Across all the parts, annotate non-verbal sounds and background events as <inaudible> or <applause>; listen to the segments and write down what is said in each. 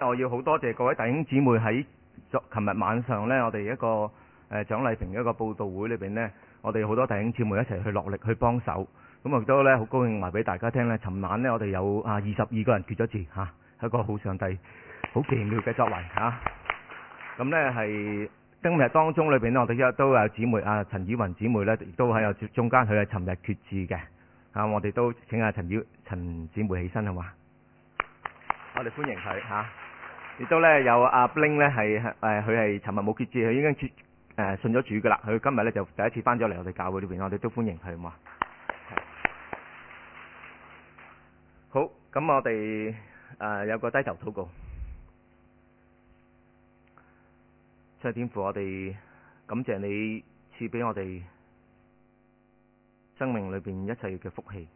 我要好多謝各位弟兄姊妹喺昨琴日晚上呢，我哋一個誒蔣麗萍嘅一個佈道會裏邊呢，我哋好多弟兄姊妹一齊去落力去幫手，咁亦都呢，好高興話俾大家聽呢尋晚呢，我哋有啊二十二個人決咗志，吓，係個好上帝好奇妙嘅作為吓。咁呢係今日當中裏邊呢，我哋亦都有姊妹啊陳以雲姊妹呢，亦都喺有中間佢係尋日決志嘅，我哋都請阿陳以陳姊妹起身係嘛，我哋歡迎佢吓。亦都咧，有阿 bling 咧，係誒，佢係尋日冇決志，佢已經誒信咗主噶啦。佢今日咧，就第一次翻咗嚟我哋教會呢邊，我哋都歡迎佢啊嘛。好，咁我哋誒有個低頭禱告，主啊天父，我哋感謝你賜俾我哋生命裏面一切嘅福氣。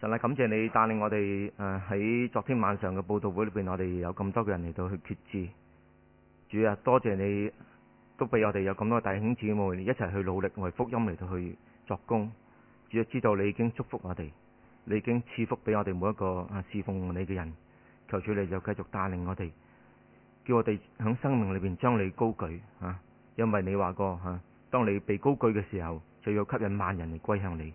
神啊，感謝你帶領我哋誒喺昨天晚上嘅佈道會裏邊，我哋有咁多嘅人嚟到去決志。主啊，多謝你都俾我哋有咁多弟兄姊妹一齊去努力為福音嚟到去作工啊。主知道你已經祝福我哋，你已經賜福俾我哋每一個啊侍奉你嘅人。求主你就繼續帶領我哋，叫我哋喺生命裏邊將你高舉啊，因為你話過吓，啊，當你被高舉嘅時候，就要吸引萬人嚟歸向你。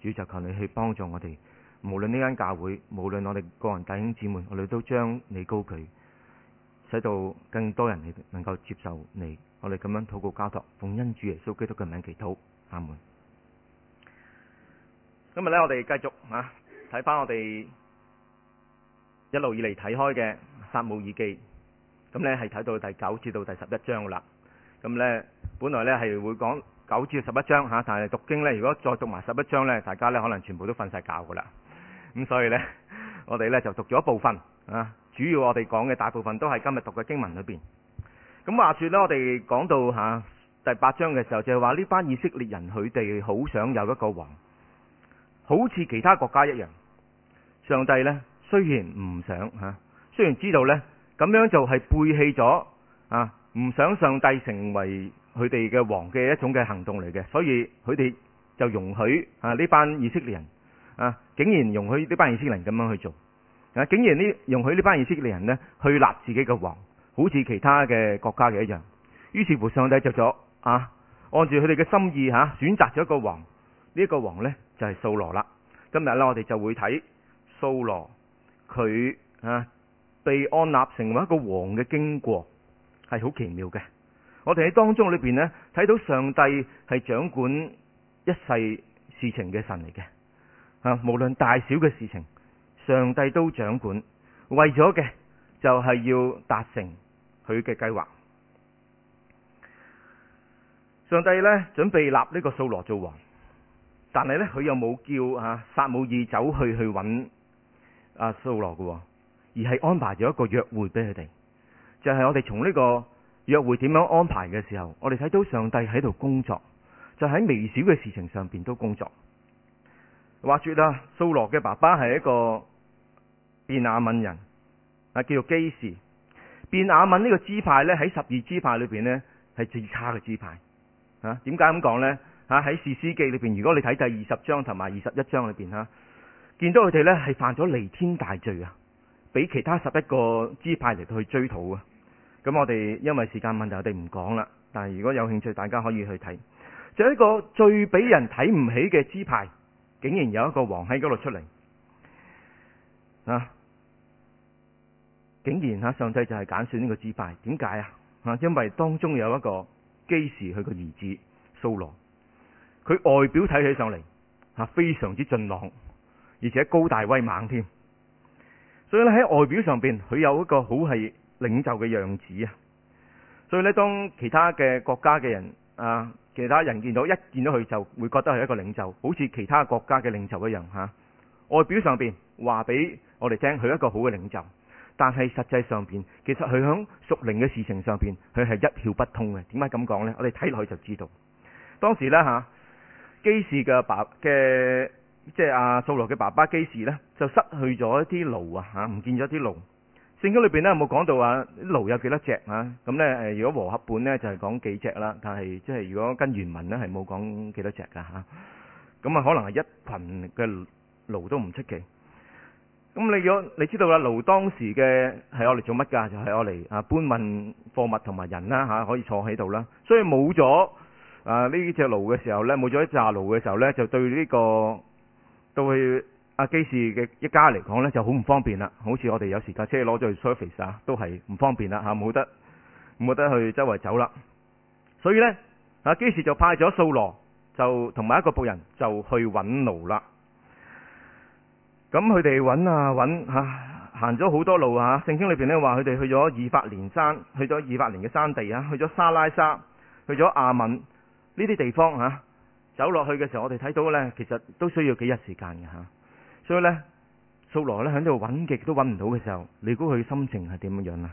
主就求你去幫助我哋。無論呢間教會，無論我哋個人弟兄姊妹，我哋都將你高舉，使到更多人能夠接受你。我哋咁樣禱告交託，奉恩主耶穌基督嘅名祈禱，阿門。今日呢，我哋繼續啊，睇翻我哋一路以嚟睇開嘅撒母耳記，咁呢係睇到第九至到第十一章啦。咁呢，本來呢係會講九至十一章吓，啊，但係讀經呢，如果再讀埋十一章呢，大家呢可能全部都瞓晒覺噶啦。咁所以咧，我哋咧就讀咗一部分啊。主要我哋講嘅大部分都係今日讀嘅經文裏邊。咁話說咧，我哋講到吓第八章嘅時候，就係話呢班以色列人佢哋好想有一個王，好似其他國家一樣。上帝咧雖然唔想吓，雖然知道咧咁樣就係背棄咗啊，唔想上帝成為佢哋嘅王嘅一種嘅行動嚟嘅，所以佢哋就容許啊呢班以色列人。啊！竟然容許呢班以色列人咁樣去做，啊！竟然呢容許呢班以色列人呢去立自己嘅王，好似其他嘅國家嘅一樣。於是乎，上帝就咗啊，按住佢哋嘅心意吓、啊，選擇咗一個王。呢、呢、一個王呢，就係掃羅啦。今日呢我哋就會睇掃羅佢啊被安納成為一個王嘅經過，係好奇妙嘅。我哋喺當中裏邊呢，睇到上帝係掌管一世事情嘅神嚟嘅。啊，無論大小嘅事情，上帝都掌管，為咗嘅就係要達成佢嘅計劃。上帝呢準備立呢個掃羅做王，但係呢佢又冇叫啊撒母耳走去去揾啊掃羅嘅，而係安排咗一個約會俾佢哋。就係我哋從呢個約會點樣安排嘅時候，我哋睇到上帝喺度工作，就喺微小嘅事情上邊都工作。話說啦，蘇羅嘅爸爸係一個變雅敏人，啊，叫做基士。變雅敏呢個支派呢喺十二支派裡邊呢係最差嘅支派。點解咁講呢？喺士師記裡邊，如果你睇第二十章同埋二十一章裡邊見到佢哋呢係犯咗彌天大罪啊，俾其他十一個支派嚟到去追討啊。咁我哋因為時間問題，我哋唔講啦。但係如果有興趣，大家可以去睇，就一個最俾人睇唔起嘅支派。竟然有一個王喺嗰度出嚟啊！竟然吓、啊、上帝就係揀選呢個支派，點解啊？啊，因為當中有一個基士佢個兒子掃羅，佢外表睇起上嚟吓非常之俊朗，而且高大威猛添。所以咧喺外表上邊，佢有一個好係領袖嘅樣子啊！所以咧，當其他嘅國家嘅人啊。其他人見到一見到佢就會覺得係一個領袖，好似其他國家嘅領袖一樣、啊、外表上面話俾我哋聽，佢一個好嘅領袖，但係實際上面，其實佢響屬靈嘅事情上面，佢係一竅不通嘅。點解咁講呢？我哋睇落去就知道，當時呢，嚇、啊、基士嘅爸嘅即係阿掃羅嘅爸爸基士呢，就失去咗一啲驢啊，唔見咗啲驢聖經裏邊咧有冇講到話啲驢有幾多隻啊？咁咧，誒，如果和合本咧就係講幾隻啦。但係即係如果跟原文咧係冇講幾多隻噶吓，咁啊可能係一群嘅驢都唔出奇。咁你如果你知道啦，驢當時嘅係我嚟做乜噶？就係我嚟啊搬運貨物同埋人啦吓，可以坐喺度啦。所以冇咗啊呢隻驢嘅時候咧，冇咗一紮驢嘅時候咧，就對呢、這個到去。阿、啊、基士嘅一家嚟講呢，就好唔方便啦，好似我哋有時架車攞咗去 service 啊，都係唔方便啦吓，冇、啊、得冇得去周圍走啦。所以呢，阿、啊、基士就派咗掃羅就同埋一個僕人就去揾路啦。咁佢哋揾啊揾吓，行咗好多路吓、啊。聖經裏邊呢，話佢哋去咗二百年山，去咗二百年嘅山地啊，去咗沙拉沙，去咗亞敏呢啲地方吓、啊。走落去嘅時候，我哋睇到呢，其實都需要幾日時間嘅吓。啊。所以呢，掃羅呢，響度揾極都揾唔到嘅時候，你估佢心情係點樣樣啊？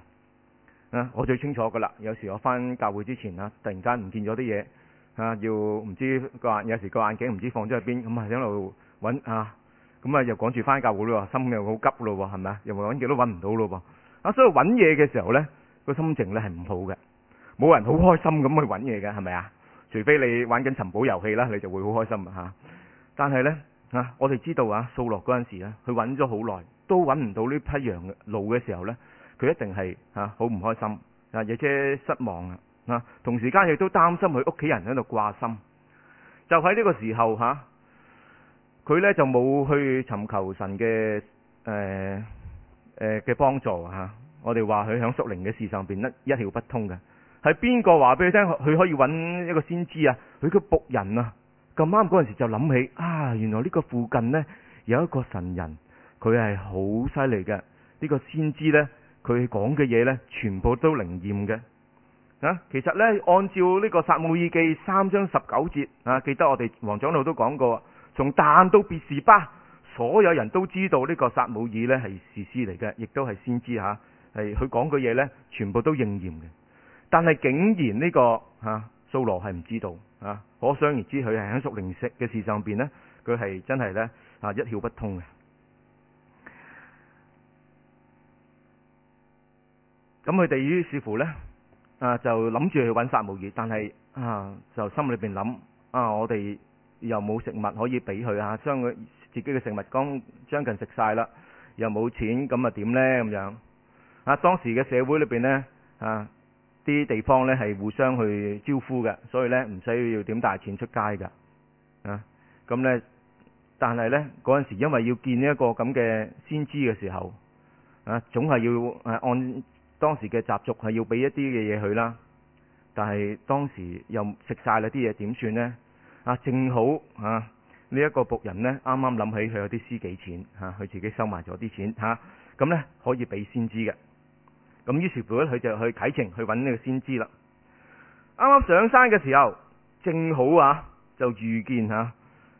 啊，我最清楚噶啦。有時我返教會之前啊，突然間唔見咗啲嘢啊，要唔知個眼鏡有時個眼鏡唔知放咗喺邊，咁啊喺度揾啊，咁啊又趕住返教會咯，心又好急咯，係咪又冇揾極都揾唔到咯，啊！所以揾嘢嘅時候呢，個心情呢係唔好嘅，冇人好開心咁去揾嘢嘅，係咪啊？除非你玩緊尋寶遊戲啦，你就會好開心吓，啊。但係呢。啊！我哋知道啊，掃羅嗰陣時咧，佢揾咗好耐，都揾唔到呢批羊嘅路嘅時候呢，佢一定係啊好唔開心啊，有啲失望啊。同時間亦都擔心佢屋企人喺度掛心。就喺呢個時候吓，佢、啊、呢就冇去尋求神嘅誒誒嘅幫助吓、啊。我哋話佢喺屬靈嘅事上邊呢，一竅不通嘅，係邊個話俾佢聽佢可以揾一個先知啊？佢個僕人啊！咁啱嗰陣時就諗起啊，原來呢個附近呢有一個神人，佢係好犀利嘅。呢、這個先知呢，佢講嘅嘢呢全部都靈驗嘅。啊，其實呢，按照呢、這個撒母耳記三章十九節啊，記得我哋黃長老都講過，從但到別示巴，所有人都知道呢個撒母耳呢係先知嚟嘅，亦都係先知吓，係佢講嘅嘢呢，全部都應驗嘅。但係竟然呢、這個吓。啊掃羅係唔知道啊，可想而知佢係喺屬靈嘅事上邊咧，佢係真係啊一竅不通嘅。咁佢哋於是乎呢，啊，就諗住去揾撒母耳，但係啊就心裏邊諗啊，我哋又冇食物可以俾佢啊，將佢自己嘅食物將將近食晒啦，又冇錢咁啊點呢？咁樣啊？當時嘅社會裏邊呢。啊。啲地方呢係互相去招呼嘅，所以呢唔需要點帶錢出街㗎咁、啊、呢，但係呢嗰陣時因為要見一個咁嘅先知嘅時候啊，總係要按當時嘅習俗係要俾一啲嘅嘢佢啦。但係當時又食晒啦啲嘢點算呢？啊，正好啊呢一、呢個僕人呢啱啱諗起佢有啲私己錢佢、啊、自己收埋咗啲錢嚇，咁、啊、呢可以俾先知嘅。咁於是乎佢就去啟程去搵呢個先知啦。啱啱上山嘅時候，正好啊，就遇見吓、啊，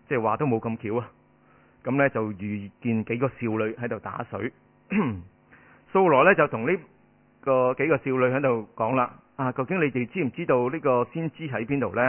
即係話都冇咁巧啊。咁呢，就遇見幾個少女喺度打水。掃羅 <coughs> 呢，就同呢個幾個少女喺度講啦：「啊，究竟你哋知唔知道呢個先知喺邊度呢？」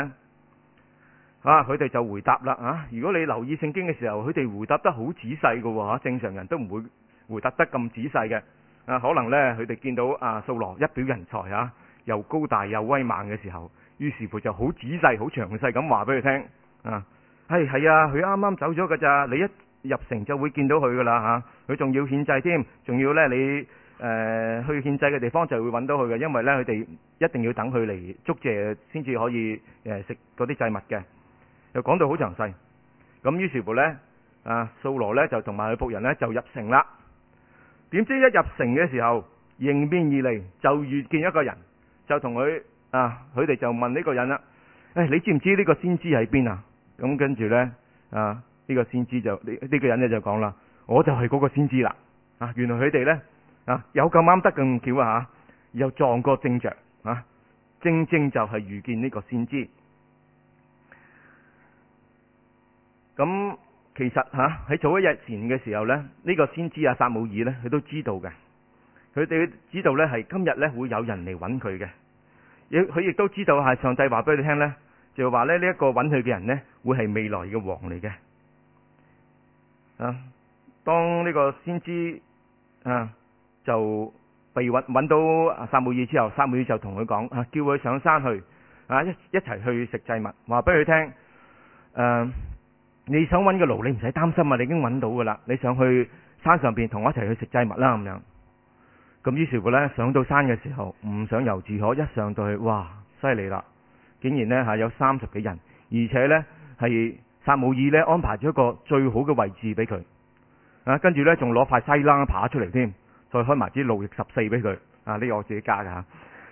啊，佢哋就回答啦、啊：如果你留意聖經嘅時候，佢哋回答得好仔細噶，吓，正常人都唔會回答得咁仔細嘅。啊，可能呢，佢哋見到阿掃羅、啊、一表人才啊，又高大又威猛嘅時候，於是乎就好仔細、好詳細咁話俾佢聽啊。係、係啊，佢啱啱走咗噶咋，你一入城就會見到佢噶啦嚇。佢仲要獻祭添，仲要呢，你、呃、去獻祭嘅地方就會揾到佢嘅，因為呢，佢哋一定要等佢嚟祝謝先至可以食嗰啲祭物嘅。又講到好詳細，咁於是乎呢，啊掃羅呢就同埋佢僕人呢就入城啦。點知一入城嘅時候迎面而嚟，就遇見一個人，就同佢啊，佢哋就問呢個人啦，誒、哎，你知唔知呢個先知喺邊啊？咁跟住呢，啊，呢、呢個先知就呢呢、呢個人咧就講啦，我就係嗰個先知啦，啊，原來佢哋呢，啊有咁啱得咁巧啊，又撞個正着啊，正正就係遇見呢個先知，咁、啊。其實吓喺早一日前嘅時候呢，呢、這個先知阿撒母耳呢，佢都知道嘅，佢哋知道呢，係今日呢會有人嚟揾佢嘅，亦佢亦都知道係上帝話俾佢聽呢，就話咧呢一個揾佢嘅人呢，會係未來嘅王嚟嘅。啊，當呢個先知啊就被揾揾到阿撒母耳之後，撒母耳就同佢講啊，叫佢上山去啊，一一齊去食祭物，話俾佢聽誒。啊你想揾個驢，你唔使擔心啊！你已經揾到噶啦。你想去山上邊同我一齊去食祭物啦咁樣。咁於是乎呢，上到山嘅時候，唔想由自可一上到去，哇！犀利啦，竟然呢，吓有三十幾人，而且呢，係撒母耳呢安排咗一個最好嘅位置俾佢啊。跟住呢，仲攞塊西冷扒出嚟添，再開埋支路易十四俾佢啊！呢個我自己加噶吓。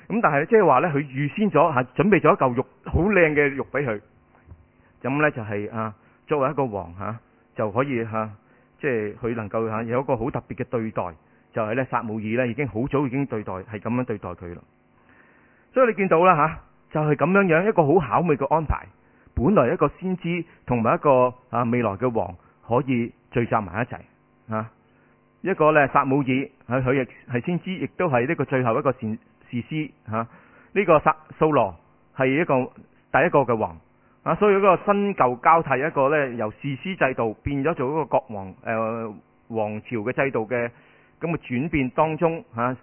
咁、啊、但係即係話呢，佢預先咗吓、啊，準備咗一嚿肉好靚嘅肉俾佢。咁呢、就是，就係啊。作為一個王吓、啊，就可以吓，即係佢能夠吓、啊、有一個好特別嘅對待，就係、是、咧，撒母耳咧已經好早已經對待係咁樣對待佢咯。所以你見到啦吓、啊，就係、是、咁樣樣一個好巧妙嘅安排。本來一個先知同埋一個啊未來嘅王可以聚集埋一齊、啊、一個咧撒母耳，佢佢亦係先知，亦都係呢個最後一個士士師吓。呢、啊這個撒掃羅係一個第一個嘅王。啊，所以嗰個新舊交替一個咧，由士師制度變咗做一個國王誒、呃、王朝嘅制度嘅咁嘅轉變當中，吓、啊、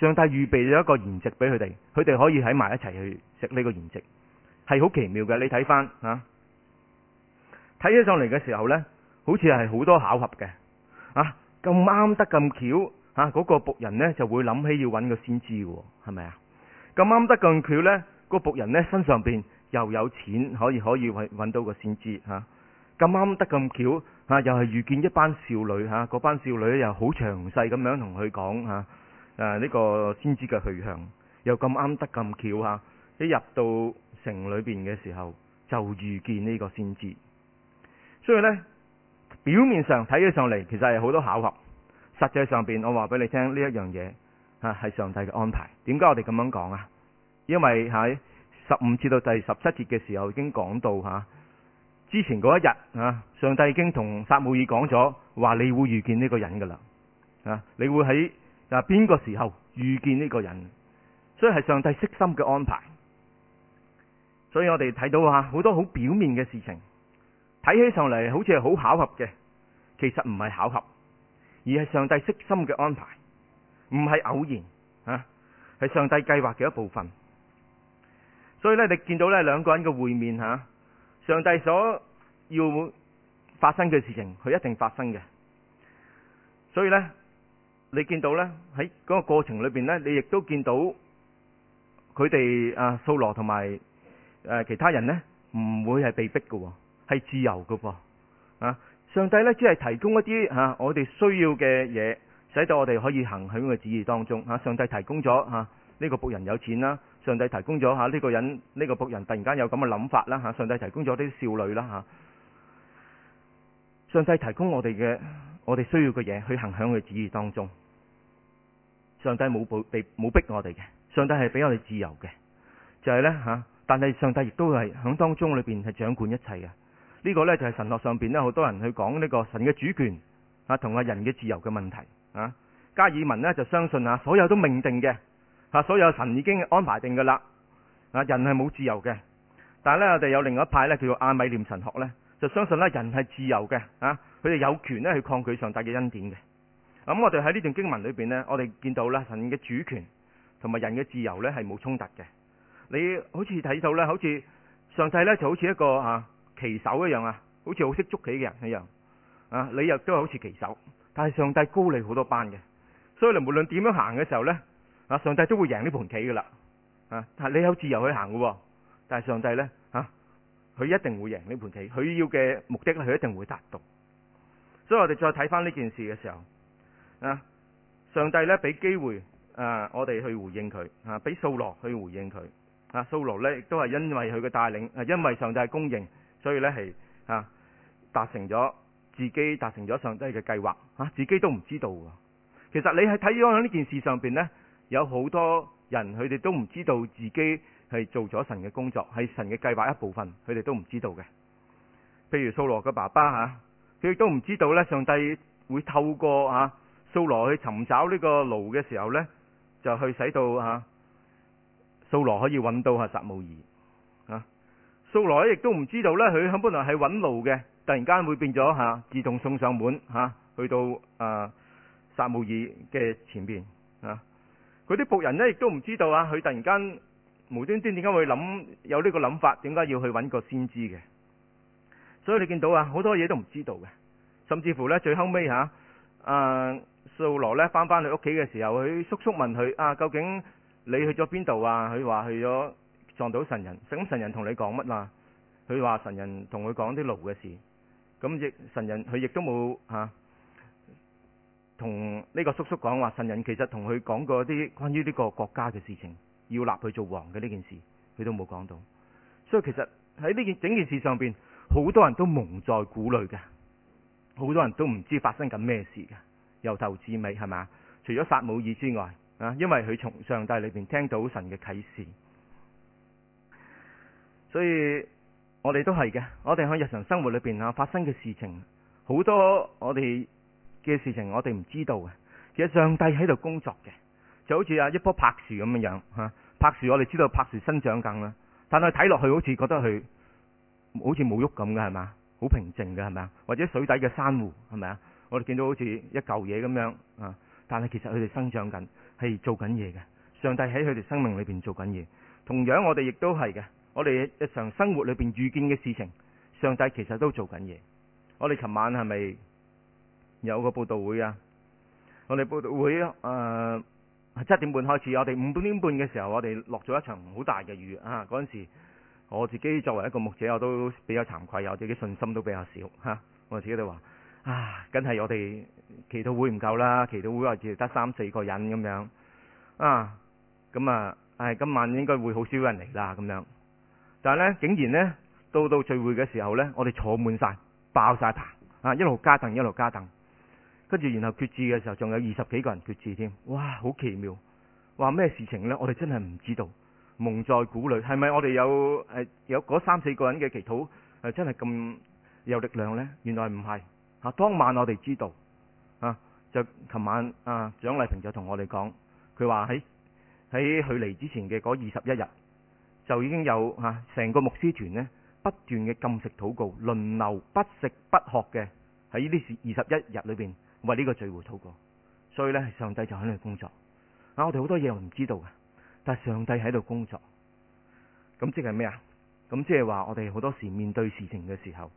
上帝預備咗一個筵席俾佢哋，佢哋可以喺埋一齊去食呢個筵席，係好奇妙嘅。你睇翻吓，睇、啊、起上嚟嘅時候呢，好似係好多巧合嘅，啊咁啱得咁巧，啊、嗰、嗰個僕人呢就會諗起要搵佢先知喎。係咪啊？咁啱得咁巧嗰、嗰個僕人呢身上邊。又有錢可以可以搵到個先知吓咁啱得咁巧吓、啊，又係遇見一班少女吓，嗰、啊、班少女又好詳細咁樣同佢講吓，誒、啊、呢、啊這個先知嘅去向又咁啱得咁巧吓、啊，一入到城裏邊嘅時候就遇見呢個先知，所以呢，表面上睇起上嚟其實係好多巧合，實際上邊我話俾你聽呢一樣嘢吓係上帝嘅安排，點解我哋咁樣講啊？因為喺、啊十五至到第十七節嘅時候，已經講到吓，之前嗰一日啊，上帝已經同撒母耳講咗，話你會遇見呢個人噶啦，啊，你會喺啊邊個時候遇見呢個人，所以係上帝悉心嘅安排，所以我哋睇到吓好多好表面嘅事情，睇起上嚟好似係好巧合嘅，其實唔係巧合，而係上帝悉心嘅安排，唔係偶然啊，係上帝計劃嘅一部分。所以咧，你見到咧兩個人嘅會面、啊、上帝所要發生嘅事情，佢一定發生嘅。所以呢，你見到呢喺嗰個過程裏面呢，呢你亦都見到佢哋啊，掃羅同埋其他人呢，唔會係被逼嘅，係自由嘅噃、啊、上帝呢，只係提供一啲嚇、啊、我哋需要嘅嘢，使到我哋可以行喺佢嘅旨意當中、啊、上帝提供咗嚇呢個僕人有錢啦。上帝提供咗嚇呢個人，呢個僕人突然間有咁嘅諗法啦嚇，上帝提供咗啲少女啦嚇。上帝提供我哋嘅，我哋需要嘅嘢去行響佢旨意當中。上帝冇冇冇逼我哋嘅，上帝係俾我哋自由嘅。就係呢。嚇，但係上帝亦都係響當中裏邊係掌管一切嘅。呢個呢，就係神學上邊呢。好多人去講呢個神嘅主權啊同啊人嘅自由嘅問題啊。加爾文呢，就相信嚇所有都命定嘅。啊！所有神已經安排定噶啦啊，人係冇自由嘅。但係咧我哋有另外一派咧，叫做亞米念神學咧，就相信咧人係自由嘅，啊佢哋有權咧去抗拒上帝嘅恩典嘅。咁、嗯、我哋喺呢段經文裏邊咧，我哋見到咧神嘅主權同埋人嘅自由咧係冇衝突嘅。你好似睇到咧，好似上帝咧就好似一個啊棋手一樣啊，好似好識捉棋嘅人一樣啊，你亦都係好似棋手，但係上帝高你好多班嘅，所以你無論點樣行嘅時候咧。啊！上帝都會贏呢盤棋噶啦，啊！你有自由去行喎，但係上帝呢，吓、啊、佢一定會贏呢盤棋，佢要嘅目的係佢一定會達到。所以我哋再睇翻呢件事嘅時候，啊！上帝呢俾機會誒、啊，我哋去回應佢，啊！俾掃羅去回應佢，啊！掃羅亦都係因為佢嘅帶領，啊！因為上帝供應，所以呢係啊達成咗自己達成咗上帝嘅計劃、啊，自己都唔知道。其實你係睇咗喺呢件事上邊呢。有好多人，佢哋都唔知道自己係做咗神嘅工作，係神嘅計劃一部分，佢哋都唔知道嘅。譬如掃羅嘅爸爸嚇，佢亦都唔知道呢。上帝會透過嚇掃羅去尋找呢個驢嘅時候呢，就去使到嚇掃羅可以揾到阿撒母耳。嚇掃羅亦都唔知道呢，佢本來就係揾驢嘅，突然間會變咗嚇自動送上門嚇，去到阿撒母耳嘅前邊啊。佢啲僕人呢，亦都唔知道啊！佢突然間無端端點解會諗有呢個諗法？點解要去揾個先知嘅？所以你見到啊，好多嘢都唔知道嘅。甚至乎呢，最後尾嚇啊，掃羅呢翻返去屋企嘅時候，佢叔叔問佢啊，究竟你去咗邊度啊？佢話去咗撞到神人。咁神人同你講乜啊？佢話神人同佢講啲驢嘅事。咁亦神人佢亦都冇嚇。啊同呢個叔叔講話，神人其實同佢講過啲關於呢個國家嘅事情，要立佢做王嘅呢件事，佢都冇講到。所以其實喺呢件整件事上邊，好多人都蒙在鼓裏嘅，好多人都唔知發生緊咩事嘅。由頭至尾係嘛？除咗撒母耳之外啊，因為佢從上帝裏邊聽到神嘅啟示，所以我哋都係嘅。我哋喺日常生活裏邊啊，發生嘅事情好多，我哋。嘅事情我哋唔知道嘅，其實上帝喺度工作嘅，就好似啊一棵柏樹咁樣樣吓，柏樹我哋知道柏樹生長緊啦，但係睇落去好似覺得佢好似冇喐咁嘅，係嘛，好平靜嘅係咪啊？或者水底嘅珊瑚係咪啊？我哋見到好似一嚿嘢咁樣啊，但係其實佢哋生長緊，係做緊嘢嘅。上帝喺佢哋生命裏邊做緊嘢，同樣我哋亦都係嘅。我哋日常生活裏邊遇見嘅事情，上帝其實都做緊嘢。我哋琴晚係咪？有個布道會啊，我哋布道會誒、呃、七點半開始。我哋五點半嘅時候，我哋落咗一場好大嘅雨啊！嗰陣時我自己作為一個牧者，我都比較慚愧啊，我自己信心都比較少吓、啊。我自己就話啊，梗係我哋祈禱會唔夠啦，祈禱會啊，淨係得三四個人咁樣啊。咁啊，誒、啊，今晚應該會好少人嚟啦，咁樣。但係呢，竟然呢，到到聚會嘅時候呢，我哋坐滿晒，爆晒棚啊！一路加凳，一路加凳。跟住，然後決志嘅時候，仲有二十幾個人決志添，哇，好奇妙！話咩事情呢？我哋真係唔知道，蒙在鼓裏。係咪我哋有誒有嗰三四個人嘅祈禱真係咁有力量呢？原來唔係，吓、啊、當晚我哋知道，啊，就琴晚啊，蔣麗萍就同我哋講，佢話喺喺佢嚟之前嘅嗰二十一日，就已經有吓成、啊、個牧師團呢不斷嘅禁食禱告，輪流不食不喝嘅喺呢啲二十一日裏邊。為呢個聚會禱告，所以呢，上帝就喺度工作。啊，我哋好多嘢我唔知道㗎，但係上帝喺度工作。咁即係咩啊？咁即係話，我哋好多時面對事情嘅時候，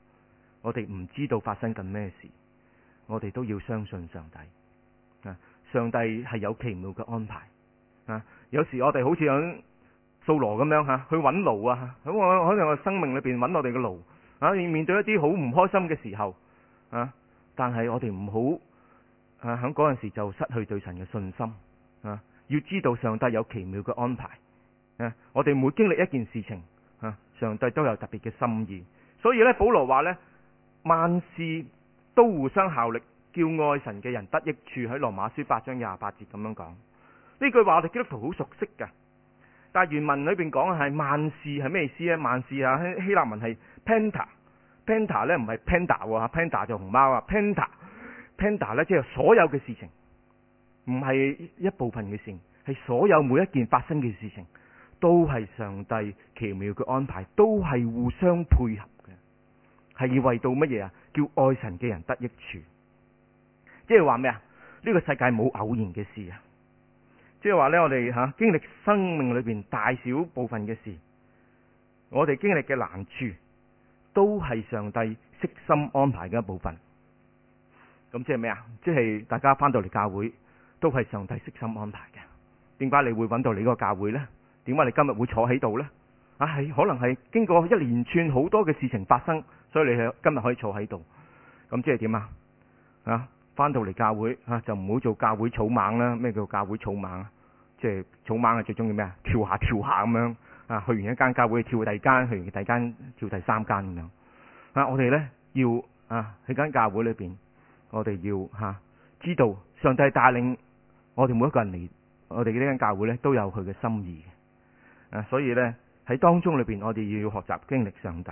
我哋唔知道發生緊咩事，我哋都要相信上帝。啊，上帝係有奇妙嘅安排。啊，有時我哋好似響掃羅咁樣吓，啊，去揾路啊。喺我可能我生命裏邊揾我哋嘅路。啊，面對一啲好唔開心嘅時候。啊，但係我哋唔好。啊！喺嗰陣時就失去對神嘅信心。啊！要知道上帝有奇妙嘅安排。啊！我哋每經歷一件事情，啊！上帝都有特別嘅心意。所以咧，保羅話呢，「萬事都互相效力，叫愛神嘅人得益處。喺羅馬書八章廿八節咁樣講。呢句話我哋基督徒好熟悉㗎。但原文裏邊講嘅係萬事係咩意思呢？「萬事啊，希希臘文係 panta，panta 咧唔係 panda 喎，panda 就熊貓啊，panta。Panda 咧，即係所有嘅事情，唔係一部分嘅事，係所有每一件發生嘅事情，都係上帝奇妙嘅安排，都係互相配合嘅，係為到乜嘢啊？叫愛神嘅人得益處，即係話咩啊？呢個世界冇偶然嘅事啊！即係話呢，我哋吓經歷生命裏邊大小部分嘅事，我哋經歷嘅難處，都係上帝悉心安排嘅一部分。咁即係咩啊？即係大家翻到嚟教會都係上帝悉心安排嘅。點解你會揾到你嗰個教會呢？點解你今日會坐喺度呢？啊、哎，可能係經過一連串好多嘅事情發生，所以你今日可以坐喺度。咁即係點啊？啊，翻到嚟教會啊，就唔好做教會草蜢啦。咩叫做教會草蜢啊？即係草蜢啊，最中意咩啊？跳下跳下咁樣啊，去完一間教會跳第二間，去完第二間跳第三間咁樣啊。我哋呢，要啊，喺間教會裏面。我哋要吓知道上帝帶領我哋每一個人嚟，我哋呢間教會呢都有佢嘅心意嘅。所以呢，喺當中裏邊，我哋要學習經歷上帝。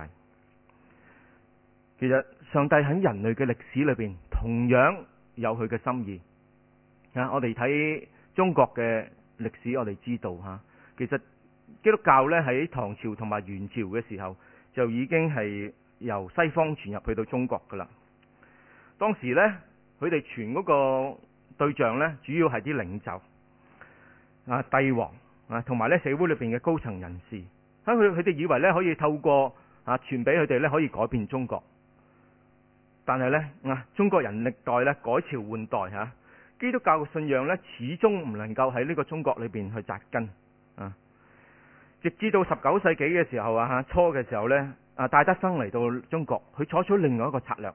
其實上帝喺人類嘅歷史裏邊，同樣有佢嘅心意。吓，我哋睇中國嘅歷史，我哋知道吓，其實基督教咧喺唐朝同埋元朝嘅時候就已經係由西方傳入去到中國噶啦。當時呢，佢哋傳嗰個對象呢，主要係啲領袖啊、帝王啊，同埋呢社會裏面嘅高層人士。喺佢佢哋以為呢，可以透過啊傳俾佢哋呢，可以改變中國。但係呢，啊，中國人歷代呢改朝換代、啊、基督教嘅信仰呢，始終唔能夠喺呢個中國裏面去扎根啊。直至到十九世紀嘅時候啊，初嘅時候呢，啊，戴德生嚟到中國，佢採取另外一個策略。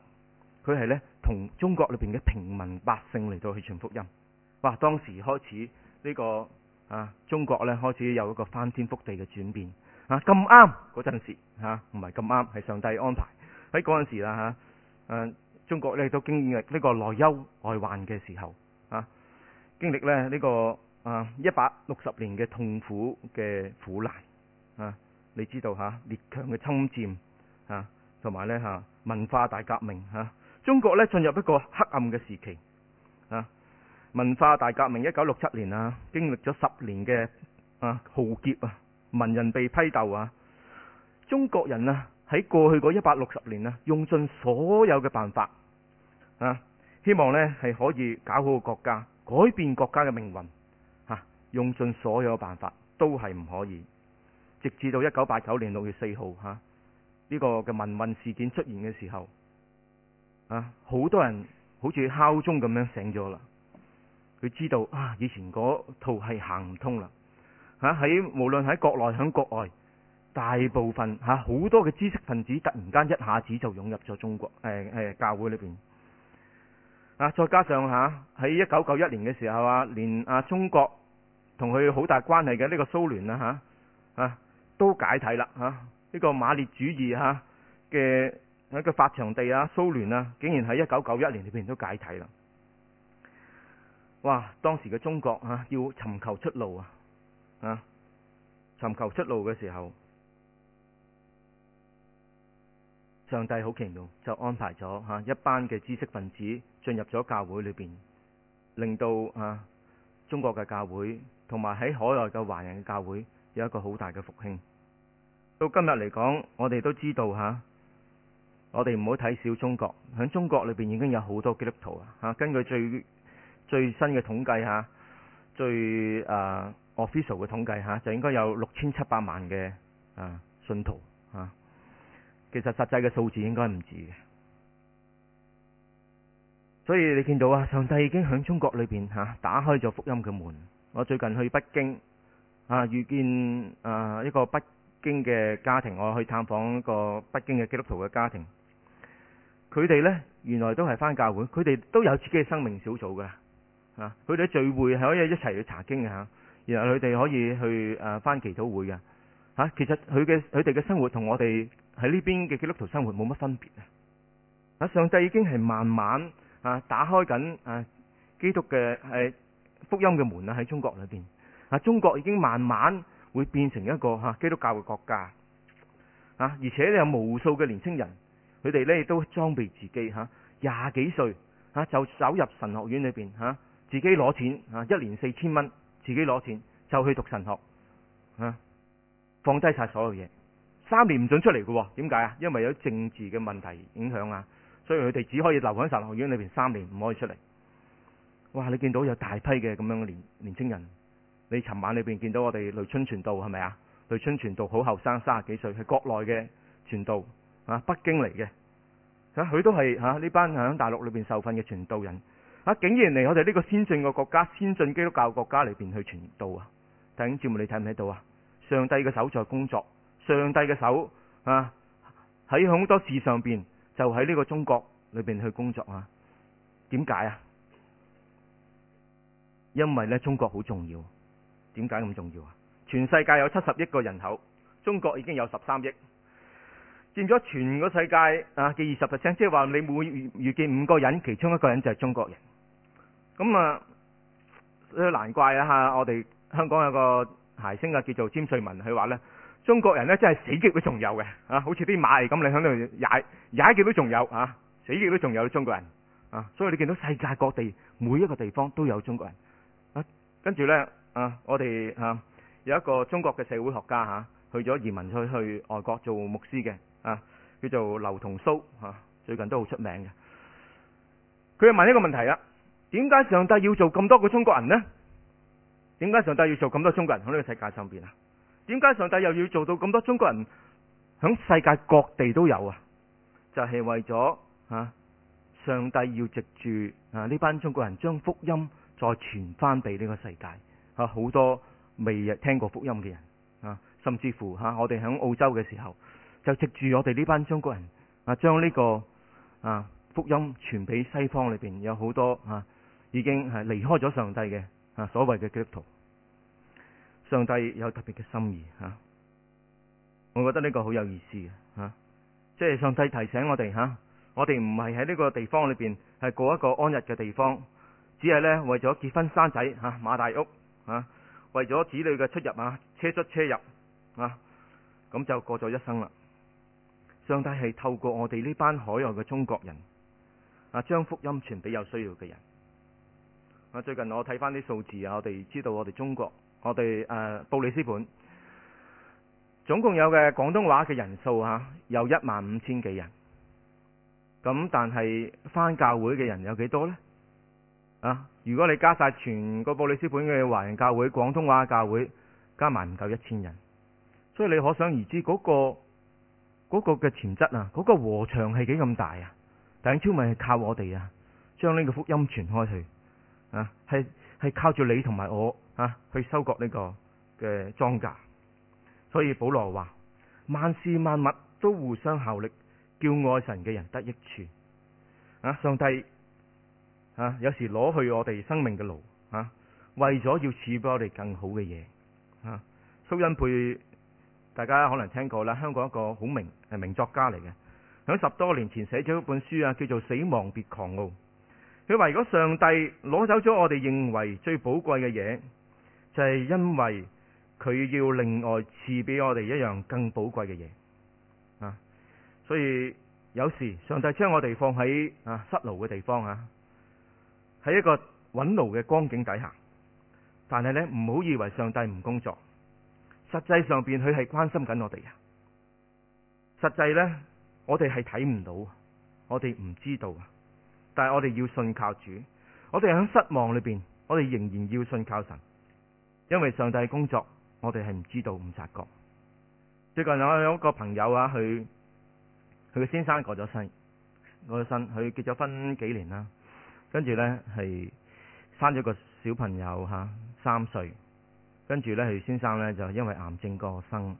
佢係咧同中國裏邊嘅平民百姓嚟到去傳福音，哇！當時開始呢、這個啊中國咧開始有一個翻天覆地嘅轉變啊，咁啱嗰陣時吓，唔係咁啱係上帝安排喺嗰陣時啦吓，誒、啊啊、中國咧都經歷呢個內憂外患嘅時候啊，經歷咧呢個啊一百六十年嘅痛苦嘅苦難啊，你知道吓列強嘅侵佔啊，同埋咧吓文化大革命吓。啊中國咧進入一個黑暗嘅時期啊！文化大革命一九六七年啊，經歷咗十年嘅啊浩劫啊，文人被批鬥啊！中國人啊喺過去嗰一百六十年啊，用盡所有嘅辦法啊，希望咧係可以搞好個國家，改變國家嘅命運吓，用盡所有嘅辦法都係唔可以。直至到一九八九年六月四號吓，呢個嘅民運事件出現嘅時候。啊！好多人好似敲鐘咁樣醒咗啦，佢知道啊，以前嗰套係行唔通啦。啊，喺無論喺國內、喺國外，大部分吓好、啊、多嘅知識分子突然間一下子就湧入咗中國誒誒、欸欸、教會裏邊。啊，再加上吓喺一九九一年嘅時候啊，連啊中國同佢好大關係嘅呢個蘇聯吓啊，啊都解體啦吓，呢、啊這個馬列主義吓嘅。啊法個發祥地啊，蘇聯啊，竟然喺一九九一年，裏邊都解體啦。哇！當時嘅中國啊，要尋求出路啊，啊，尋求出路嘅時候，上帝好奇妙，就安排咗吓、啊、一班嘅知識分子進入咗教會裏邊，令到啊中國嘅教會同埋喺海外嘅華人嘅教會有一個好大嘅復興。到今日嚟講，我哋都知道吓、啊。我哋唔好睇小中國，喺中國裏邊已經有好多基督徒啊！嚇，根據最最新嘅統計嚇、啊，最誒、uh, official 嘅統計嚇、啊，就應該有六千七百萬嘅啊信徒啊。其實實際嘅數字應該唔止嘅。所以你見到啊，上帝已經喺中國裏邊、啊、打開咗福音嘅門。我最近去北京啊，遇見誒、啊、一個北京嘅家庭，我去探訪一個北京嘅基督徒嘅家庭。佢哋呢，原來都係返教會，佢哋都有自己嘅生命小組噶，啊、佢哋聚會係可以一齊去查經嘅吓、啊，然後佢哋可以去誒返、啊、祈禱會嘅，吓、啊，其實佢嘅佢哋嘅生活同我哋喺呢邊嘅基督徒生活冇乜分別啊，上帝已經係慢慢啊打開緊啊基督嘅、啊、福音嘅門啦喺中國裏邊，啊，中國已經慢慢會變成一個吓、啊、基督教嘅國家，啊，而且有無數嘅年輕人。佢哋呢都裝備自己嚇，廿幾歲嚇就走入神學院裏面，嚇，自己攞錢一年四千蚊，自己攞錢就去讀神學，放低晒所有嘢，三年唔准出嚟嘅喎，點解啊？因為有政治嘅問題影響啊，所以佢哋只可以留喺神學院裏面，三年唔可以出嚟。哇！你見到有大批嘅咁樣嘅年年青人，你尋晚裏面見到我哋雷春傳道係咪啊？雷春傳道好後生，三十幾歲，係國內嘅傳道。啊，北京嚟嘅，啊，佢都係吓呢班吓喺大陸裏邊受訓嘅傳道人，吓竟然嚟我哋呢個先進嘅國家、先進基督教國家裏邊去傳道啊！弟兄姊妹，你睇唔睇到啊？上帝嘅手在工作，上帝嘅手啊喺好多事上邊就喺呢個中國裏邊去工作啊！點解啊？因為呢中國好重要，點解咁重要啊？全世界有七十億個人口，中國已經有十三億。佔咗全個世界啊嘅二十 percent，即係話你每遇見五個人，其中一個人就係中國人。咁啊，難怪啊，吓，我哋香港有個諧星啊，叫做詹瑞文，佢話呢，中國人呢真係死極都仲有嘅啊，好似啲螞蟻咁，你響度踩踩極都仲有啊，死極都仲有中國人啊。所以你見到世界各地每一個地方都有中國人。跟住呢，啊，我哋啊有一個中國嘅社會學家吓，去咗移民去去外國做牧師嘅。啊，叫做劉同蘇吓，最近都好出名嘅。佢又問一個問題啊：點解上帝要做咁多個中國人呢？點解上帝要做咁多中國人喺呢個世界上邊啊？點解上帝又要做到咁多中國人響世界各地都有啊？就係、是、為咗吓、啊，上帝要藉住啊呢班中國人將福音再傳翻俾呢個世界啊，好多未聽過福音嘅人啊，甚至乎吓、啊、我哋響澳洲嘅時候。就藉住我哋呢班中國人啊，將呢、呢個啊福音傳俾西方裏邊有好多啊已經係離開咗上帝嘅、啊所謂嘅基督徒，上帝有特別嘅心意啊，我覺得呢個好有意思嘅，即係上帝提醒我哋吓、啊，我哋唔係喺呢個地方裏邊係過一個安逸嘅地方，只係呢為咗結婚生仔吓，買、啊、大屋吓、啊，為咗子女嘅出入吓、啊，車出車入啊，咁就過咗一生啦。上帝係透過我哋呢班海外嘅中國人，啊，將福音傳俾有需要嘅人。啊，最近我睇翻啲數字啊，我哋知道我哋中國，我哋誒、啊、布里斯本總共有嘅廣東話嘅人數，啊、有一萬五千幾人。咁但係翻教會嘅人有幾多少呢？啊，如果你加晒全個布里斯本嘅華人教會廣東話的教會，加埋唔夠一千人。所以你可想而知嗰、那個。嗰個嘅潛質啊，嗰、那個禾場係幾咁大啊？但超咪係靠我哋啊，將呢個福音傳開去啊，係係靠住你同埋我啊去收割呢個嘅莊稼。所以保羅話：萬事萬物都互相效力，叫愛神嘅人得益處啊！上帝啊，有時攞去我哋生命嘅路啊，為咗要賜俾我哋更好嘅嘢啊！蘇恩佩，大家可能聽過啦，香港一個好明。係名作家嚟嘅，響十多年前寫咗一本書啊，叫做《死亡別狂傲》。佢話：如果上帝攞走咗我哋認為最寶貴嘅嘢，就係因為佢要另外賜俾我哋一樣更寶貴嘅嘢啊！所以有時上帝將我哋放喺啊失落嘅地方啊，喺一個揾路嘅光景底下，但係呢，唔好以為上帝唔工作，實際上邊佢係關心緊我哋嘅。實際呢，我哋係睇唔到，我哋唔知道，但係我哋要信靠主。我哋喺失望裏邊，我哋仍然要信靠神，因為上帝工作，我哋係唔知道、唔察覺。最近我有一個朋友啊，佢佢先生過咗世，過咗身，佢結咗婚幾年啦，跟住呢，係生咗個小朋友吓，三歲，跟住呢，佢先生呢，就因為癌症過生。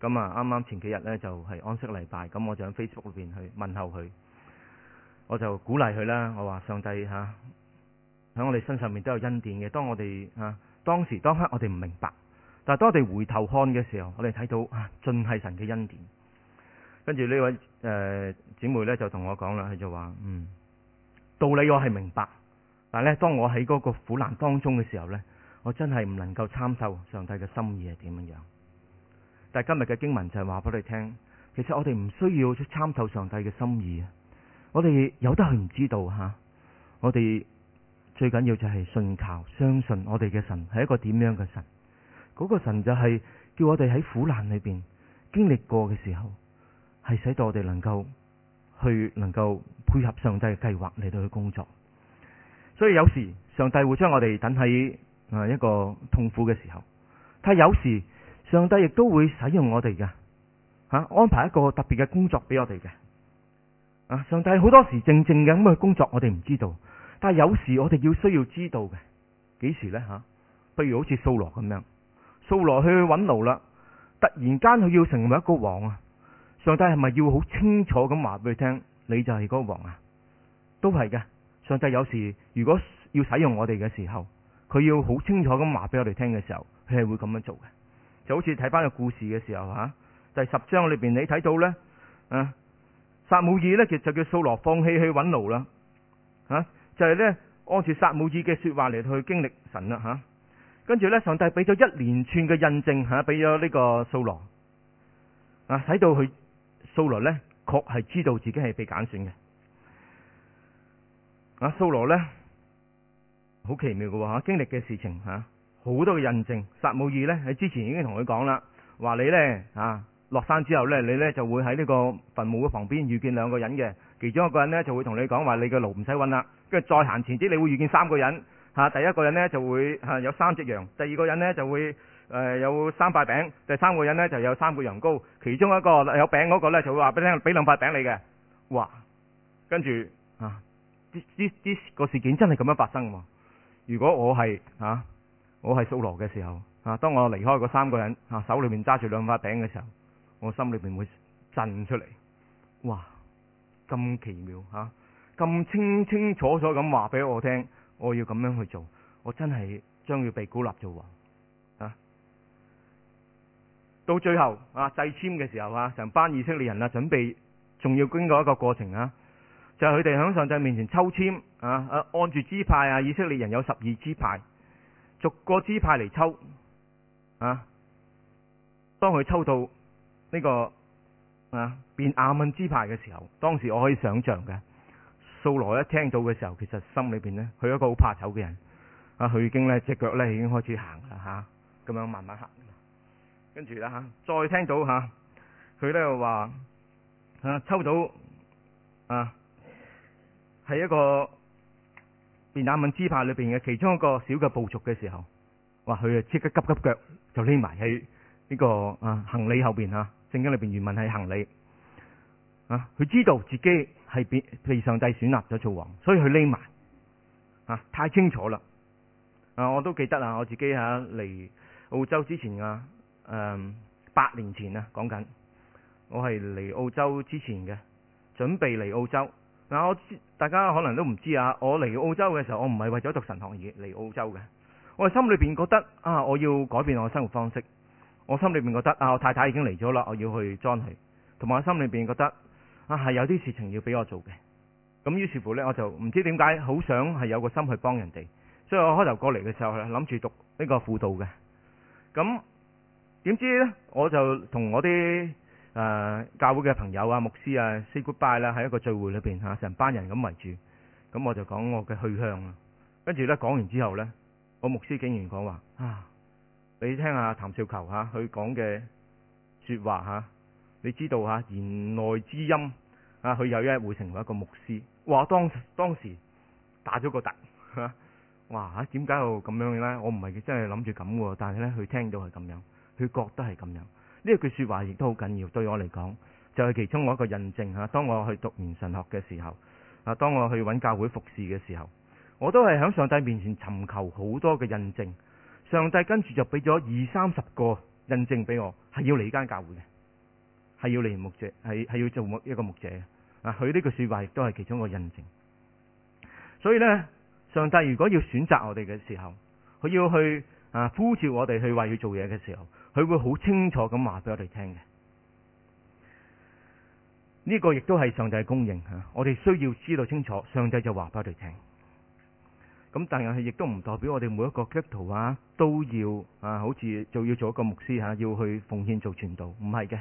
咁啊，啱啱前幾日呢，就係安息禮拜，咁我就喺 Facebook 裏邊去問候佢，我就鼓勵佢啦。我話上帝、啊、喺我哋身上面都有恩典嘅。當我哋、啊、當時當刻我哋唔明白，但當我哋回頭看嘅時候，我哋睇到啊，盡係神嘅恩典。跟住呢位、呃、姊妹呢，就同我講啦，佢就話：嗯，道理我係明白，但係呢，當我喺嗰個苦難當中嘅時候呢，我真係唔能夠參透上帝嘅心意係點樣樣。但今日嘅經文就係話俾你聽，其實我哋唔需要去參透上帝嘅心意，我哋有得去唔知道吓，我哋最緊要就係信靠、相信我哋嘅神係一個點樣嘅神？嗰個神就係叫我哋喺苦難裏邊經歷過嘅時候，係使到我哋能夠去能夠配合上帝嘅計劃嚟到去工作。所以有時上帝會將我哋等喺啊一個痛苦嘅時候，但係有時。上帝亦都會使用我哋嘅吓，安排一個特別嘅工作俾我哋嘅啊！上帝好多時靜靜嘅咁去工作，我哋唔知道，但係有時我哋要需要知道嘅幾時呢？吓、啊？譬如好似掃羅咁樣，掃羅去揾路啦，突然間佢要成為一個王啊！上帝係咪要好清楚咁話俾佢聽？你就係嗰個王啊？都係嘅。上帝有時如果要使用我哋嘅時候，佢要好清楚咁話俾我哋聽嘅時候，佢係會咁樣做嘅。就好似睇翻個故事嘅時候吓、啊，第十章裏邊你睇到、啊、撒呢，嗯，撒母耳呢，其實就叫掃羅放棄去揾驢啦，吓、啊、就係、是、呢，按住撒母耳嘅說話嚟去經歷神啦吓，跟、啊、住呢，上帝俾咗一連串嘅印證吓，俾咗呢個掃羅啊，睇、啊、到佢掃羅呢，確係知道自己係被揀選嘅，啊掃羅呢好奇妙嘅喎、啊，經歷嘅事情吓。啊好多嘅印證，撒母耳呢，你之前已經同佢講啦，話你呢，啊落山之後呢，你呢就會喺呢個墳墓嘅旁邊遇見兩個人嘅，其中一個人呢，就會同你講話，你嘅驢唔使揾啦。跟住再行前啲，你會遇見三個人，吓、啊，第一個人呢，就會吓、啊、有三隻羊，第二個人呢，就會誒、呃、有三塊餅，第三個人呢，就有三個羊羔，其中一個有餅嗰個呢，就會話俾你聽，俾兩塊餅你嘅。哇，跟住啊，啲啲啲個事件真係咁樣發生。如果我係啊，我係掃羅嘅時候啊！當我離開嗰三個人啊，手裏面揸住兩塊餅嘅時候，我心裏面會震出嚟。哇！咁奇妙吓、啊、咁清清楚楚咁話俾我聽，我要咁樣去做。我真係將要被膏立做王啊！到最後啊，掣簽嘅時候啊，成班以色列人啊，準備仲要經過一個過程啊，就係佢哋喺上帝面前抽簽，啊，按住支派啊，以色列人有十二支派。逐個支派嚟抽啊！當佢抽到呢，這個啊便雅憫支派嘅時候，當時我可以想象嘅，掃羅一聽到嘅時候，其實心裏邊呢，佢一個好怕醜嘅人啊，佢已經呢隻腳呢已經開始行啦吓，咁、啊、樣慢慢行，跟住啦吓，再聽到吓，佢、啊、呢又話啊抽到啊係一個。便雅憫支派裏邊嘅其中一個小嘅部族嘅時候，哇！佢啊即刻急急腳就匿埋喺呢個啊行李後邊啊，聖經裏邊原文係行李啊，佢知道自己係被被上帝選立咗做王，所以佢匿埋啊，太清楚啦！啊，我都記得啊，我自己吓、啊、嚟澳洲之前啊，誒、嗯，八年前啊，講緊我係嚟澳洲之前嘅，準備嚟澳洲。嗱，我知大家可能都唔知啊。我嚟澳洲嘅時候，我唔係為咗讀神學而嚟澳洲嘅。我心裏面覺得啊，我要改變我生活方式。我心裏面覺得啊，我太太已經嚟咗啦，我要去裝佢。同埋我心裏面覺得啊，係有啲事情要俾我做嘅。咁於是乎呢，我就唔知點解好想係有個心去幫人哋。所以我開頭過嚟嘅時候咧，係諗住讀呢個輔導嘅。咁點知呢，我就同我啲誒、呃、教會嘅朋友啊，牧師啊，say goodbye 啦、啊，喺一個聚會裏面，嚇、啊，成班人咁圍住，咁、啊、我就講我嘅去向啦、啊。跟住呢，講完之後呢，我牧師竟然講話啊，你聽下譚紹球、啊，嚇佢講嘅説話嚇、啊，你知道啊，言外之音啊，佢有一日會成為一個牧師。哇，當當時打咗個突、啊，哇點解我咁樣呢？我唔係真係諗住咁喎，但係呢，佢聽到係咁樣，佢覺得係咁樣。呢一句說話亦都好緊要，對我嚟講，就係其中我一個印證吓，啊。當我去讀完神學嘅時候，啊，當我去揾教會服侍嘅時候，我都係喺上帝面前尋求好多嘅印證。上帝跟住就俾咗二三十個印證俾我，係要嚟間教會嘅，係要嚟牧者，係係要做一個牧者嘅啊，佢呢句說話亦都係其中一個印證。所以呢，上帝如果要選擇我哋嘅時候，佢要去啊呼召我哋去話要做嘢嘅時候。佢會好清楚咁話俾我哋聽嘅，呢、這個亦都係上帝供應吓，我哋需要知道清楚，上帝就話俾我哋聽。咁但係亦都唔代表我哋每一個基督徒啊都要啊，好似做要做一個牧師吓、啊，要去奉獻做傳道，唔係嘅。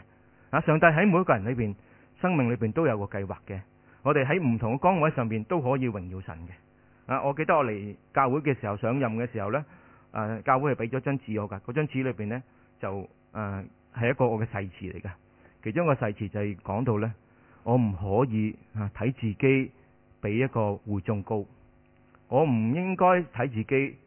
啊，上帝喺每一個人裏邊，生命裏邊都有個計劃嘅。我哋喺唔同嘅崗位上面都可以榮耀神嘅。啊，我記得我嚟教會嘅時候，上任嘅時候呢，誒、啊，教會係俾咗張紙我噶嗰張紙裏邊呢。就誒係、呃、一個我嘅誓詞嚟嘅，其中一個誓詞就係講到咧，我唔可以啊睇自己比一個會眾高，我唔應該睇自己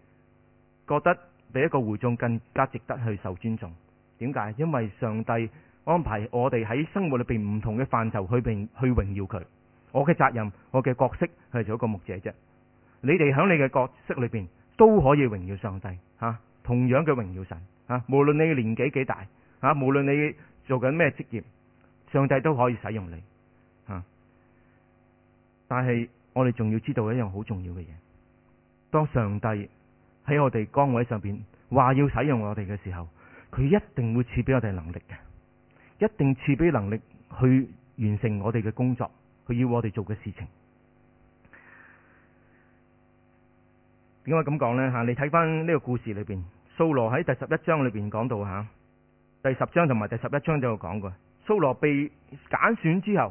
覺得比一個會眾更加值得去受尊重。點解？因為上帝安排我哋喺生活裏邊唔同嘅範疇去榮去榮耀佢。我嘅責任，我嘅角色去做一個牧者啫。你哋響你嘅角色裏邊都可以榮耀上帝吓、啊，同樣嘅榮耀神。啊！無論你年紀幾大，啊！無論你做緊咩職業，上帝都可以使用你。但係我哋仲要知道一樣好重要嘅嘢，當上帝喺我哋崗位上邊話要使用我哋嘅時候，佢一定會賜俾我哋能力嘅，一定賜俾能力去完成我哋嘅工作，佢要我哋做嘅事情。點解咁講呢？吓，你睇翻呢個故事裏邊。蘇羅喺第十一章裏邊講到吓，第十章同埋第十一章都有講過。蘇羅被揀選之後，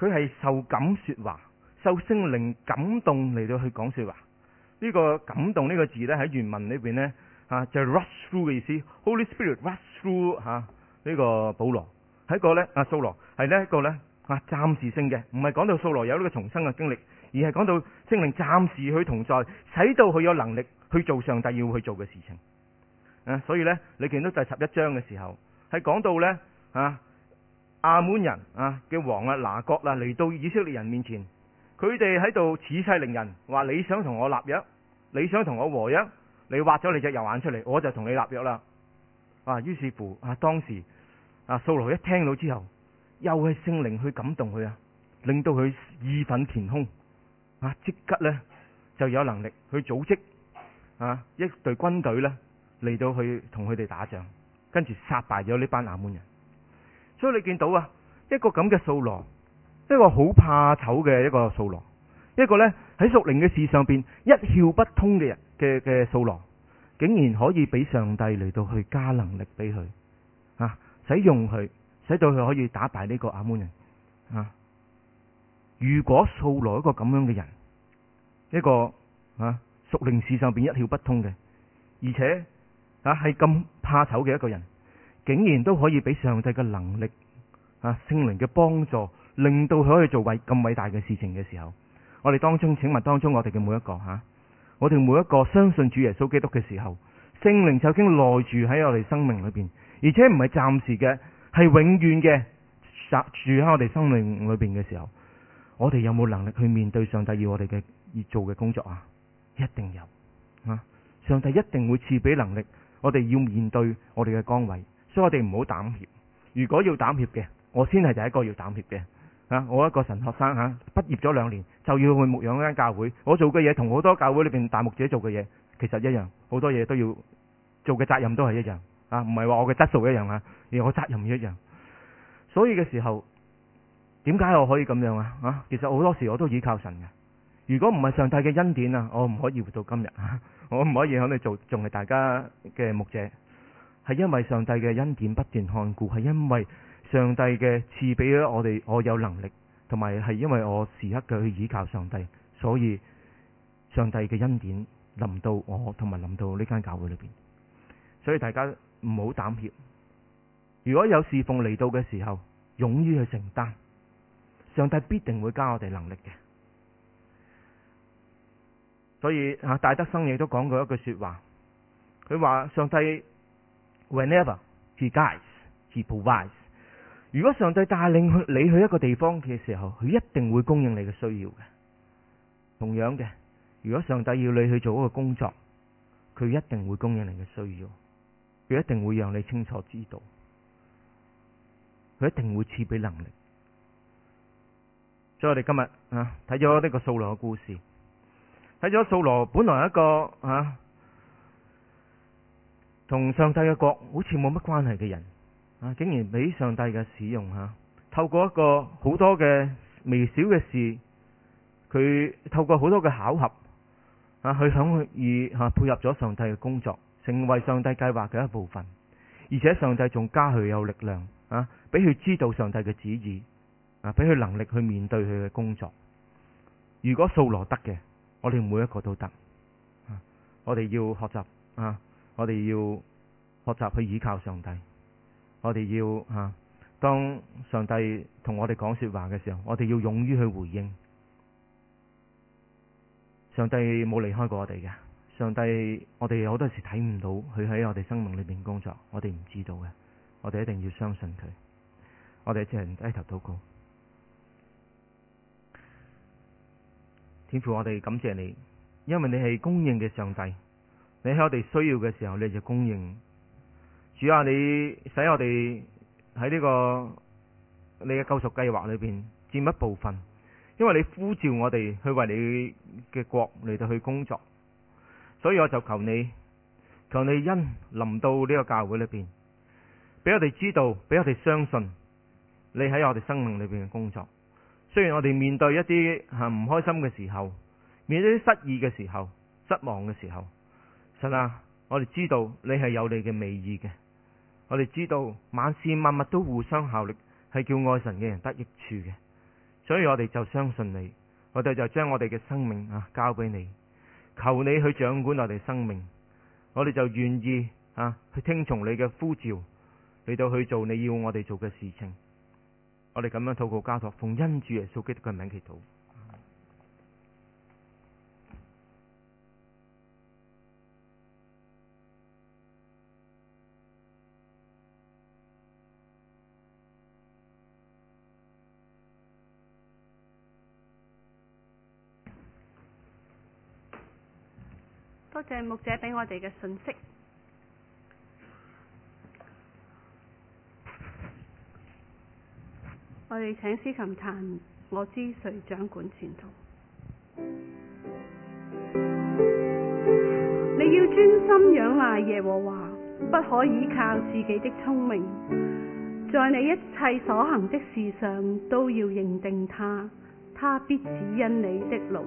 佢係受感說話，受聖靈感動嚟到去講說話。呢個感動呢個字呢，喺原文裏邊呢，啊，就係 rush through 嘅意思。Holy Spirit rush through 吓呢個保羅係一個呢，阿蘇羅係一個呢，啊暫時性嘅，唔係講到蘇羅有呢個重生嘅經歷，而係講到聖靈暫時去同在，使到佢有能力去做上帝要去做嘅事情。啊、所以呢，你見到第十一章嘅時候，係講到呢啊，亞捫人啊嘅王啊拿國啦，啊，嚟到以色列人面前，佢哋喺度恃勢凌人，話你想同我立約，你想同我和約，你挖咗你隻右眼出嚟，我就同你立約啦。啊，於是乎啊，當時啊，掃羅一聽到之後，又係聖靈去感動佢啊，令到佢義憤填胸，啊，即刻呢就有能力去組織啊一隊軍隊呢嚟到去同佢哋打仗，跟住殺敗咗呢班亞門人。所以你見到啊，一個咁嘅掃羅，一個好怕醜嘅一個掃羅，一個呢，喺屬靈嘅事上邊一竅不通嘅人嘅嘅掃羅，竟然可以俾上帝嚟到去加能力俾佢啊，使用佢，使到佢可以打敗呢個亞門人啊。如果掃羅一個咁樣嘅人，一個啊屬靈事上邊一竅不通嘅，而且，啊，係咁怕醜嘅一個人，竟然都可以俾上帝嘅能力，啊聖靈嘅幫助，令到佢可以做偉咁偉大嘅事情嘅時候，我哋當中，請問當中我哋嘅每一個吓，啊，我哋每一個相信主耶穌基督嘅時候，聖靈就已經內住喺我哋生命裏邊，而且唔係暫時嘅，係永遠嘅，住喺我哋生命裏邊嘅時候，我哋有冇能力去面對上帝要我哋嘅要做嘅工作啊？一定有，啊，上帝一定會賜俾能力。我哋要面對我哋嘅崗位，所以我哋唔好膽怯。如果要膽怯嘅，我先係第一個要膽怯嘅，啊。我一個神學生吓，啊，畢業咗兩年就要去牧養一間教會。我做嘅嘢同好多教會裏邊大牧者做嘅嘢其實一樣，好多嘢都要做嘅責任都係一樣。啊，唔係話我嘅質素一樣啊，而我責任一樣。所以嘅時候，點解我可以咁樣啊？啊，其實好多時我都倚靠神嘅。如果唔係上帝嘅恩典啊，我唔可以活到今日。我唔可以響你做，仲係大家嘅牧者，係因為上帝嘅恩典不斷看顧，係因為上帝嘅賜俾咗我哋，我有能力，同埋係因為我時刻嘅去依靠上帝，所以上帝嘅恩典臨到我，同埋臨到呢間教會裏邊。所以大家唔好膽怯，如果有侍奉嚟到嘅時候，勇於去承擔，上帝必定會加我哋能力嘅。所以啊，戴德生亦都講過一句說話，佢話上帝 Whenever He guides, He provides，如果上帝帶領你去一個地方嘅時候，佢一定會供應你嘅需要嘅。同樣嘅，如果上帝要你去做一個工作，佢一定會供應你嘅需要，佢一定會讓你清楚知道，佢一定會賜俾能力。所以我哋今日啊睇咗呢個掃羅嘅故事。睇咗掃羅，本來是一個啊，同上帝嘅國好似冇乜關係嘅人啊，竟然俾上帝嘅使用吓、啊。透過一個好多嘅微小嘅事，佢透過好多嘅巧合啊，去想去與吓配合咗上帝嘅工作，成為上帝計劃嘅一部分。而且上帝仲加佢有力量啊，俾佢知道上帝嘅旨意啊，俾佢能力去面對佢嘅工作。如果掃羅得嘅。我哋每一個都得，我哋要學習啊！我哋要學習去依靠上帝，我哋要啊！當上帝同我哋講說話嘅時候，我哋要勇於去回應。上帝冇離開過我哋嘅，上帝，我哋好多時睇唔到佢喺我哋生命裏邊工作，我哋唔知道嘅，我哋一定要相信佢。我哋一陣低頭禱告。天父，乎我哋感謝你，因為你係供應嘅上帝，你喺我哋需要嘅時候，你就供應，主啊，你使我哋喺呢個你嘅救贖計劃裏邊佔一部分，因為你呼召我哋去為你嘅國嚟到去工作，所以我就求你，求你恩臨到呢個教會裏邊，俾我哋知道，俾我哋相信你喺我哋生命裏邊嘅工作。雖然我哋面對一啲唔開心嘅時候，面對啲失意嘅時候、失望嘅時候，實啊，我哋知道你係有你嘅美意嘅，我哋知道萬事萬物都互相效力，係叫愛神嘅人得益處嘅，所以我哋就相信你，我哋就將我哋嘅生命啊交俾你，求你去掌管我哋生命，我哋就願意啊去聽從你嘅呼召，嚟到去做你要我哋做嘅事情。我哋咁樣禱告交託，奉恩主耶穌基督嘅名祈禱。多謝牧者畀我哋嘅信息。我哋請司琴彈。我知誰掌管前途。你要專心仰賴耶和華，不可倚靠自己的聰明。在你一切所行的事上都要認定他，他必指引你的路。